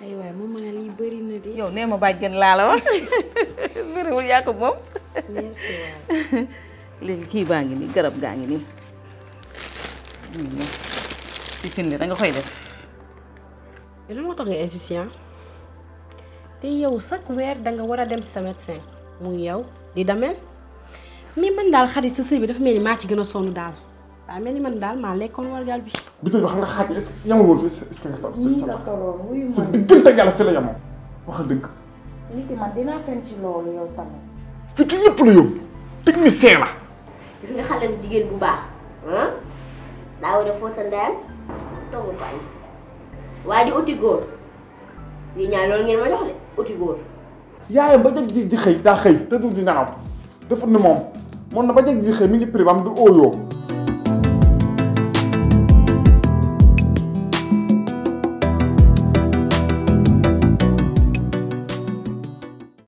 ay waay yow nee ma bàjjen laa la wax bëriwul yaa ko moom. léegi kii baa ngi nii garab gaa ngi nii. ci cin li da nga koy def. lan moo tax nga insouciant ah? te yow chaque weer danga war a dem sa médecin mu yow di demel mi man daal xarit sa sëy bi dafa mel ni maa ci gën a sonn daal. waaw man ni man daal maa lekkoon wargal bi. bitim bi xam nga xaaj bi est-ce que yemul woon fi est-ce la tolloon dëgg. li fi ci loolu yow gis nga xale bu jigéen bu baax ah daa war a fóotal ndeyam togg bañ waa uti góor yaayam ba jag ji xëy daa xëy te du di nelaw defut ni moom moom na ba jag ji xëy mi ngi privé du óoyoo.